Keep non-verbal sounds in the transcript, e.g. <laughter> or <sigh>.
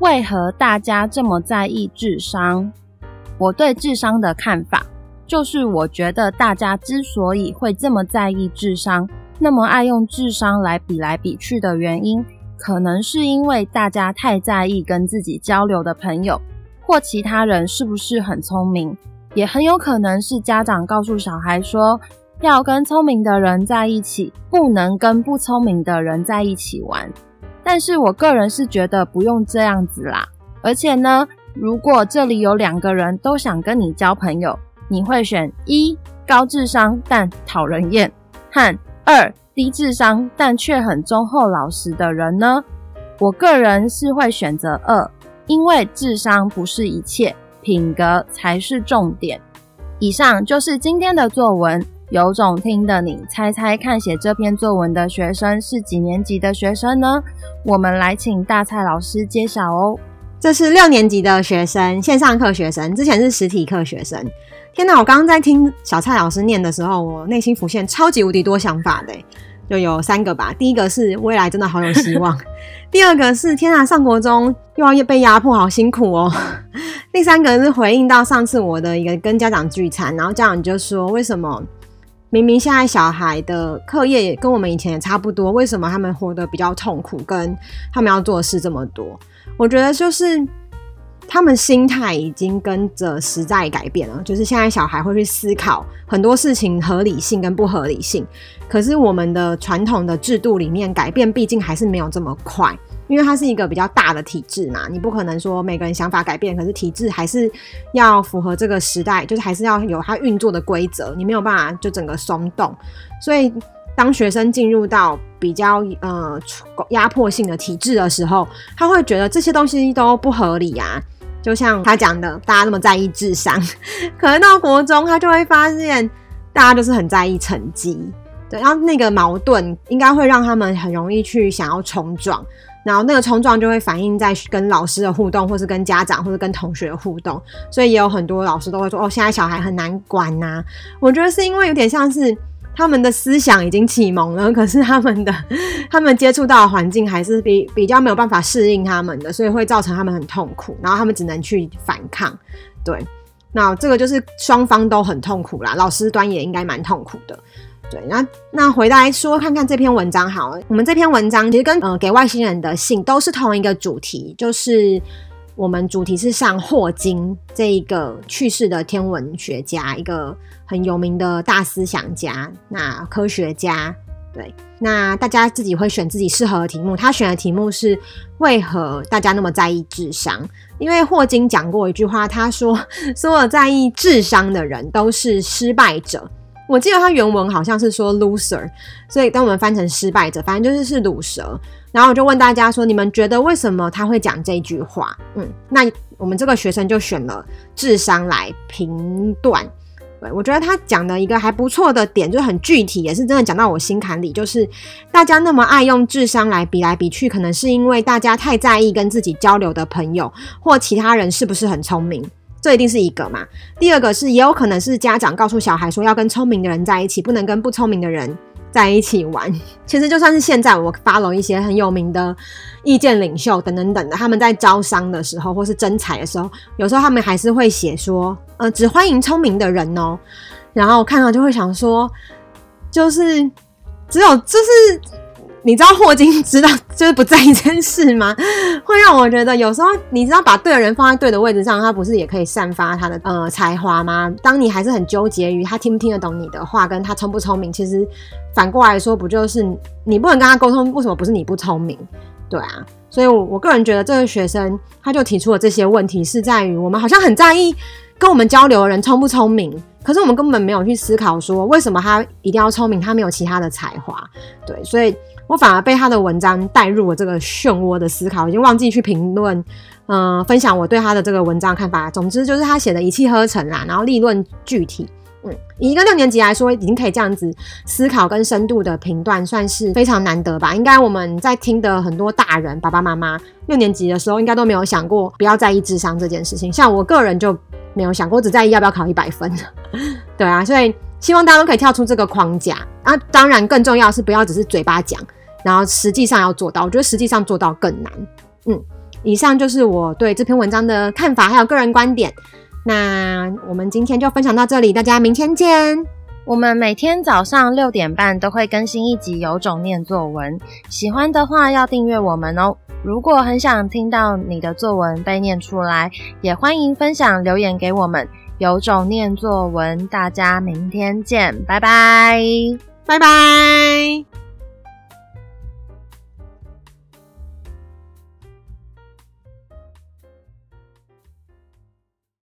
為何大家這麼在意智商？我對智商的看法，就是我覺得大家之所以會這麼在意智商，那麼愛用智商來比來比去的原因，可能是因為大家太在意跟自己交流的朋友或其他人是不是很聰明，也很有可能是家長告訴小孩說，要跟聰明的人在一起，不能跟不聰明的人在一起玩。但是我個人是覺得不用這樣子啦。而且呢，如果這裡有兩個人都想跟你交朋友，你會選一，高智商但討人厭，和二，低智商但卻很忠厚老實的人呢？我個人是會選擇二，因為智商不是一切，品格才是重點。以上就是今天的作文。有種聽的你猜猜看，寫這篇作文的學生是幾年級的學生呢？我們來請大蔡老師揭曉哦。這是六年級的學生，線上課學生，之前是實體課學生。天吶，我剛剛在聽小蔡老師念的時候，我內心浮現超級無敵多想法的，就有三個吧。第一個是未來真的好有希望； <laughs> 第二個是天吶，上國中又要被壓迫，好辛苦哦；第三個是回應到上次我的一個跟家長聚餐，然後家長就說，為什麼？明明現在小孩的課業也跟我們以前也差不多，為什麼他們活得比較痛苦？跟他們要做的事這麼多，我覺得就是他們心態已經跟着時代改變了。就是現在小孩會去思考很多事情合理性跟不合理性，可是我們的傳統的制度裡面改變，畢竟還是沒有這麼快。因為它是一個比較大的體制嘛，你不可能說每個人想法改變，可是體制還是要符合這個時代，就是還是要有它運作的規則，你沒有辦法就整個鬆動。所以，當學生進入到比較呃壓迫性的體制的時候，他會覺得這些東西都不合理啊。就像他講的，大家那麼在意智商，可能到國中他就會發現大家都是很在意成績，對，然後那個矛盾應該會讓他們很容易去想要衝撞。然後那個衝撞就會反映在跟老師的互動，或是跟家長，或是跟同學的互動。所以也有很多老師都會說：“哦，現在小孩很難管吶。”我覺得是因為有點像是他們的思想已經啟蒙了，可是他們的他們接觸到的環境還是比比較沒有辦法適應他們的，所以會造成他們很痛苦，然後他們只能去反抗。對，那這個就是雙方都很痛苦啦，老師端也應該蠻痛苦的。對，那那回來說看看這篇文章好了。我們這篇文章其實跟呃給外星人的信都是同一個主題，就是我們主題是上霍金這一個去世的天文學家，一個很有名的大思想家，那科學家。對，那大家自己會選自己適合的題目。他選的題目是為何大家那麼在意智商？因為霍金講過一句話，他說所有在意智商的人都是失敗者。我記得他原文好像是說 loser，所以當我們翻成失敗者，反正就是是魯蛇。然後我就問大家說，你們覺得為什麼他會講這句話？嗯，那我們這個學生就選了智商來評斷。對，我覺得他講的一個還不錯的點，就很具體，也是真的講到我心坎裡，就是大家那麼愛用智商來比來比去，可能是因為大家太在意跟自己交流的朋友或其他人是不是很聰明。這一定是一個嘛？第二個是，也有可能是家長告訴小孩說，要跟聰明的人在一起，不能跟不聰明的人在一起玩。其實就算是現在，我 follow 一些很有名的意見領袖等等等的，他們在招商的時候或是徵才的時候，有時候他們還是會寫說，呃，只歡迎聰明的人哦。然後我看到就會想說，就是只有就是。你知道霍金知道就是不在意這件事嗎？會讓我覺得有時候，你知道把對的人放在對的位置上，他不是也可以散發他的呃才華嗎？當你還是很糾結於他聽不聽得懂你的話，跟他聰不聰明，其實反過來說，不就是你不能跟他溝通？為什麼不是你不聰明？對啊，所以我，我我個人覺得這個學生他就提出了這些問題，是在於我們好像很在意跟我們交流的人聰不聰明，可是我們根本沒有去思考說為什麼他一定要聰明？他沒有其他的才華，對，所以。我反而被他的文章帶入了這個漩渦的思考，已經忘記去評論，嗯、呃，分享我對他的這個文章看法。總之就是他寫的一氣呵成啦，然後立論具體，嗯，以一個六年級來說，已經可以這樣子思考跟深度的評斷，算是非常難得吧。應該我們在聽的很多大人爸爸媽媽，六年級的時候應該都沒有想過不要在意智商這件事情。像我個人就沒有想過，我只在意要不要考一百分。 <laughs> 對啊，所以希望大家都可以跳出這個框架啊。當然更重要的是不要只是嘴巴講。然後實際上要做到，我覺得實際上做到更難。嗯，以上就是我對這篇文章的看法，還有個人觀點。那我們今天就分享到這裡，大家明天見。我們每天早上六點半都會更新一集《有種念作文》，喜歡的話要訂閱我們哦。如果很想聽到你的作文被念出來，也歡迎分享留言給我們。有種念作文，大家明天見，拜拜！拜拜。